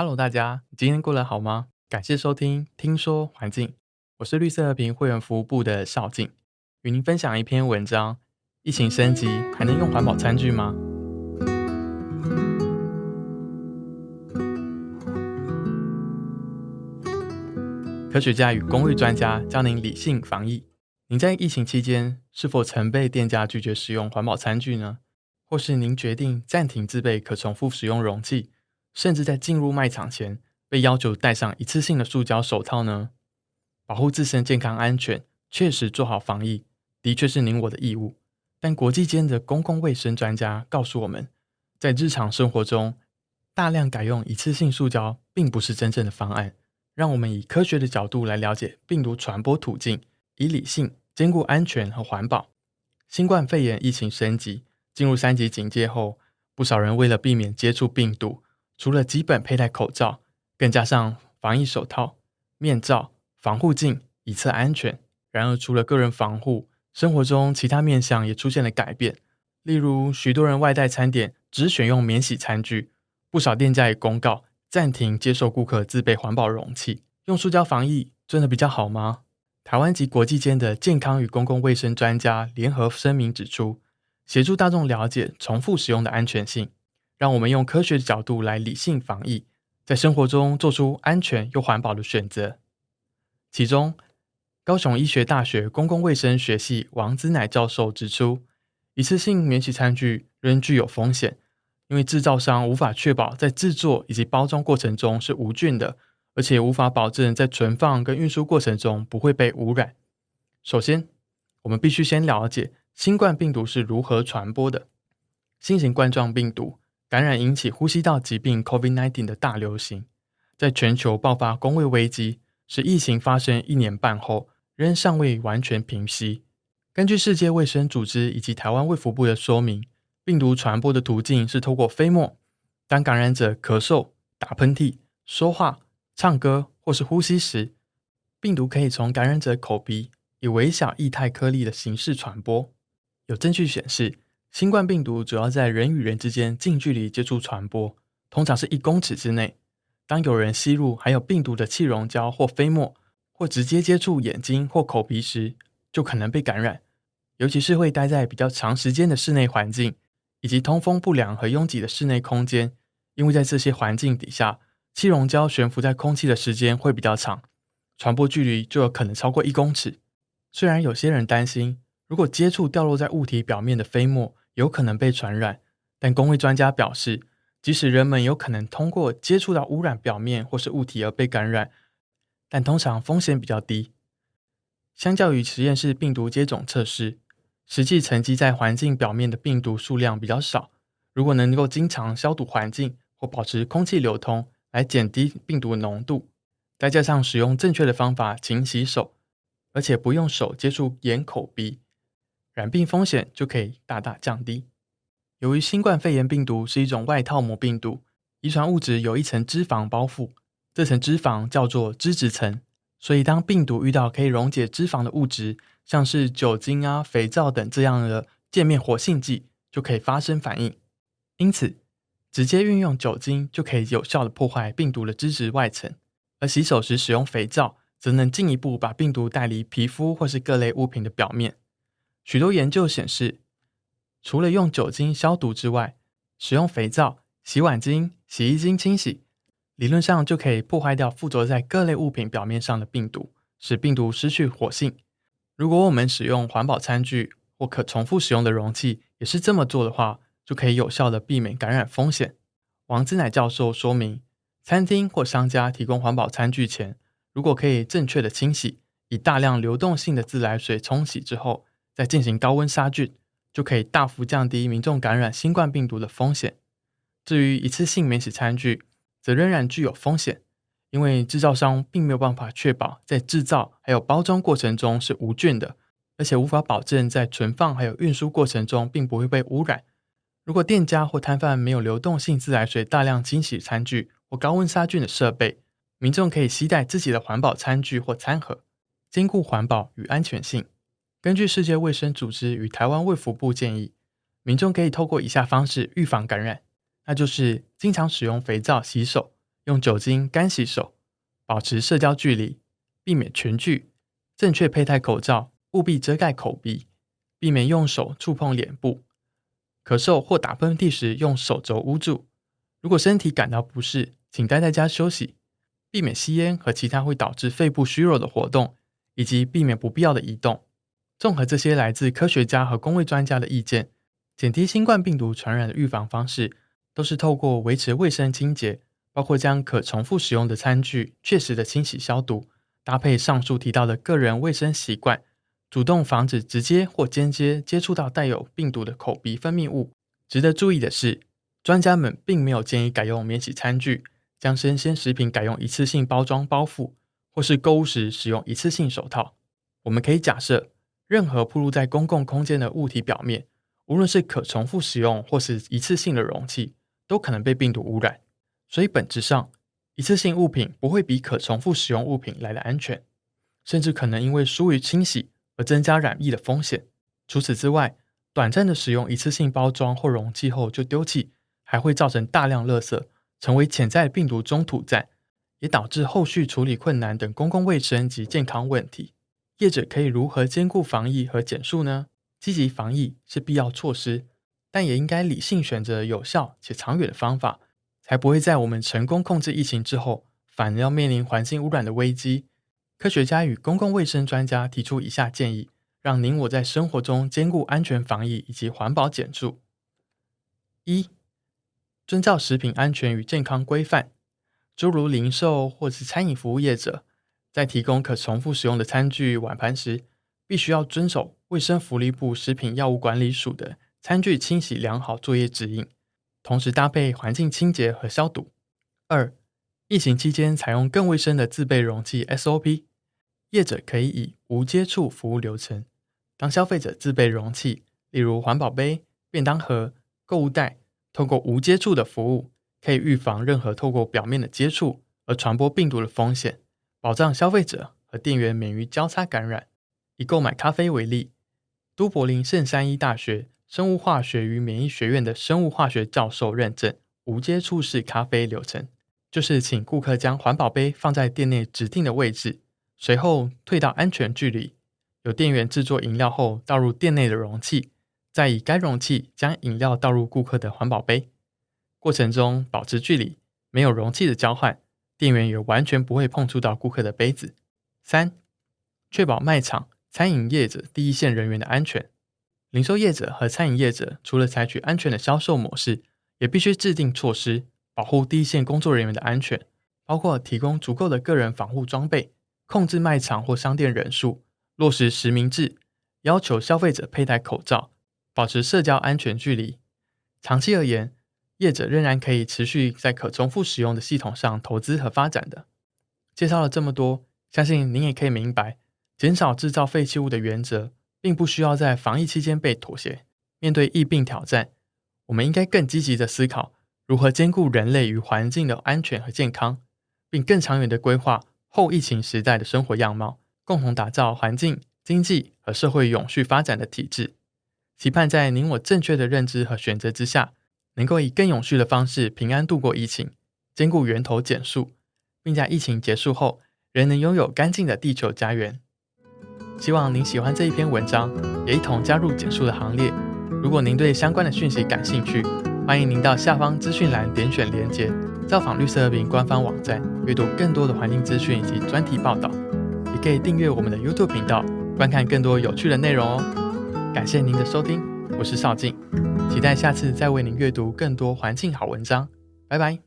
Hello，大家，你今天過得好嗎？感謝收聽《聽說環境》，我是綠色和平會員服務部的邵靜，與您分享一篇文章：疫情升級，還能用環保餐具嗎？科學家與公衛專家教您理性防疫。您在疫情期間是否曾被店家拒絕使用環保餐具呢？或是您決定暫停自備可重複使用容器？甚至在進入賣場前被要求戴上一次性的塑膠手套呢？保護自身健康安全，確實做好防疫，的確是您我的義務。但國際間的公共衛生專家告訴我們，在日常生活中大量改用一次性塑膠並不是真正的方案。讓我們以科學的角度來了解病毒傳播途徑，以理性兼顧安全和環保。新冠肺炎疫情升級，進入三級警戒後，不少人為了避免接觸病毒。除了基本佩戴口罩，更加上防疫手套、面罩、防護鏡以策安全。然而，除了個人防護，生活中其他面向也出現了改變。例如，許多人外帶餐點只選用免洗餐具，不少店家也公告暫停接受顧客自備環保容器。用塑膠防疫真的比較好嗎？台灣及國際間的健康與公共衛生專家聯合聲明指出，協助大眾了解重複使用的安全性。讓我們用科學的角度來理性防疫，在生活中做出安全又環保的選擇。其中，高雄醫學大學公共衛生學系王資乃教授指出，一次性免洗餐具仍具有風險，因為制造商無法確保在制作以及包裝過程中是無菌的，而且無法保證在存放跟運輸過程中不會被汙染。首先，我們必須先了解新冠病毒是如何傳播的。新型冠狀病毒。感染引起呼吸道疾病 COVID-19 的大流行，在全球爆發，公衛危機，使疫情發生一年半後仍尚未完全平息。根據世界衛生組織以及台灣衛福部的說明，病毒傳播的途徑是透過飛沫。當感染者咳嗽、打噴嚏、說話、唱歌或是呼吸時，病毒可以從感染者口鼻以微小液態顆粒的形式傳播。有證據顯示。新冠病毒主要在人與人之間近距離接觸傳播，通常是一公尺之內。當有人吸入含有病毒的氣溶膠或飛沫，或直接接觸眼睛或口鼻時，就可能被感染。尤其是會待在比較長時間的室內環境，以及通風不良和擁擠的室內空間，因為在這些環境底下，氣溶膠懸浮在空氣的時間會比較長，傳播距離就有可能超過一公尺。雖然有些人擔心，如果接觸掉落在物體表面的飛沫，有可能被傳染。但公衛專家表示，即使人們有可能通過接觸到汙染表面或是物體而被感染，但通常風險比較低。相較於實驗室病毒接種測試，實際沉積在環境表面的病毒數量比較少。如果能夠經常消毒環境或保持空氣流通來減低病毒濃度，再加上使用正確的方法勤洗手，而且不用手接觸眼、口、鼻。染病風險就可以大大降低。由於新冠肺炎病毒是一種外套膜病毒，遺傳物質有一層脂肪包覆，這層脂肪叫做脂質層。所以，當病毒遇到可以溶解脂肪的物質，像是酒精啊、肥皂等這樣的界面活性劑，就可以發生反應。因此，直接運用酒精就可以有效的破壞病毒的脂質外層，而洗手時使用肥皂，則能進一步把病毒帶離皮膚或是各類物品的表面。許多研究顯示，除了用酒精消毒之外，使用肥皂、洗碗精、洗衣精清洗，理論上就可以破壞掉附着在各類物品表面上的病毒，使病毒失去活性。如果我們使用環保餐具或可重複使用的容器，也是這麼做的話，就可以有效的避免感染風險。王之乃教授說明，餐廳或商家提供環保餐具前，如果可以正確的清洗，以大量流動性的自來水沖洗之後。再進行高溫殺菌，就可以大幅降低民眾感染新冠病毒的風險。至於一次性免洗餐具，則仍然具有風險，因為製造商並沒有辦法確保在製造還有包裝過程中是無菌的，而且無法保證在存放還有運輸過程中並不會被污染。如果店家或攤販沒有流動性自來水、大量清洗餐具或高溫殺菌的設備，民眾可以攜帶自己的環保餐具或餐盒，兼顧環保與安全性。根據世界衛生組織與台灣衛福部建議，民眾可以透過以下方式預防感染：那就是經常使用肥皂洗手，用酒精乾洗手，保持社交距離，避免群聚，正確佩戴口罩，務必遮蓋口鼻，避免用手觸碰臉部，咳嗽或打噴嚏時用手肘捂住。如果身體感到不適，請待在家休息，避免吸菸和其他會導致肺部虛弱的活動，以及避免不必要的移動。綜合這些來自科學家和公衛專家的意見，減低新冠病毒傳染的預防方式，都是透過維持衛生清潔，包括將可重複使用的餐具確實的清洗消毒，搭配上述提到的個人衛生習慣，主動防止直接或間接接觸到帶有病毒的口鼻分泌物。值得注意的是，專家們並沒有建議改用免洗餐具，將生鮮食品改用一次性包裝包覆，或是購物時使用一次性手套。我們可以假設。任何暴露在公共空間的物體表面，無論是可重複使用或是一次性的容器，都可能被病毒污染。所以，本質上，一次性物品不會比可重複使用物品來的安全，甚至可能因為疏於清洗而增加染疫的風險。除此之外，短暫的使用一次性包裝或容器後就丟棄，還會造成大量垃圾，成為潛在病毒中途站，也導致後續處理困難等公共衛生及健康問題。業者可以如何兼顧防疫和減塑呢？積極防疫是必要措施，但也應該理性選擇有效且長遠的方法，才不會在我們成功控制疫情之後，反而要面臨環境污染的危機。科學家與公共衛生專家提出以下建議，讓您我在生活中兼顧安全防疫以及環保減塑：一、遵照食品安全與健康規範，諸如零售或是餐飲服務業者。在提供可重複使用的餐具碗盤時，必須要遵守衛生福利部食品藥物管理署的餐具清洗良好作業指引，同時搭配環境清潔和消毒。二、疫情期間採用更衛生的自備容器 SOP，業者可以以無接觸服務流程，當消費者自備容器，例如環保杯、便當盒、購物袋，透過無接觸的服務，可以預防任何透過表面的接觸而傳播病毒的風險。保障消費者和店員免於交叉感染。以購買咖啡為例，都柏林聖三一大學生物化學與免疫學院的生物化學教授認證，無接觸式咖啡流程，就是請顧客將環保杯放在店內指定的位置，隨後退到安全距離，由店員制作飲料後倒入店內的容器，再以該容器將飲料倒入顧客的環保杯。過程中保持距離，沒有容器的交換。店員也完全不會碰觸到顧客的杯子。三、確保賣場、餐飲業者第一線人員的安全。零售業者和餐飲業者除了採取安全的銷售模式，也必須制定措施，保護第一線工作人員的安全，包括提供足夠的個人防護裝備，控制賣場或商店人數，落實實名制，要求消費者佩戴口罩，保持社交安全距離。長期而言，業者仍然可以持續在可重複使用的系統上投資和發展的。介紹了這麼多，相信您也可以明白，減少製造廢棄物的原則並不需要在防疫期間被妥協。面對疫病挑戰，我們應該更積極地思考如何兼顧人類與環境的安全和健康，並更長遠地規劃後疫情時代的生活樣貌，共同打造環境、經濟和社會永續發展的體制。期盼在您我正確的認知和選擇之下。能夠以更永續的方式平安度過疫情，兼顧源頭減塑，並在疫情結束後仍能擁有乾淨的地球家園。希望您喜歡這一篇文章，也一同加入減塑的行列。如果您對相關的訊息感興趣，歡迎您到下方資訊欄點選連結，造訪綠色和平官方網站，閱讀更多的環境資訊以及專題報道。也可以訂閱我們的 YouTube 頻道，觀看更多有趣的內容哦。感謝您的收聽。我是邵靜，期待下次再為您閱讀更多環境好文章。拜拜。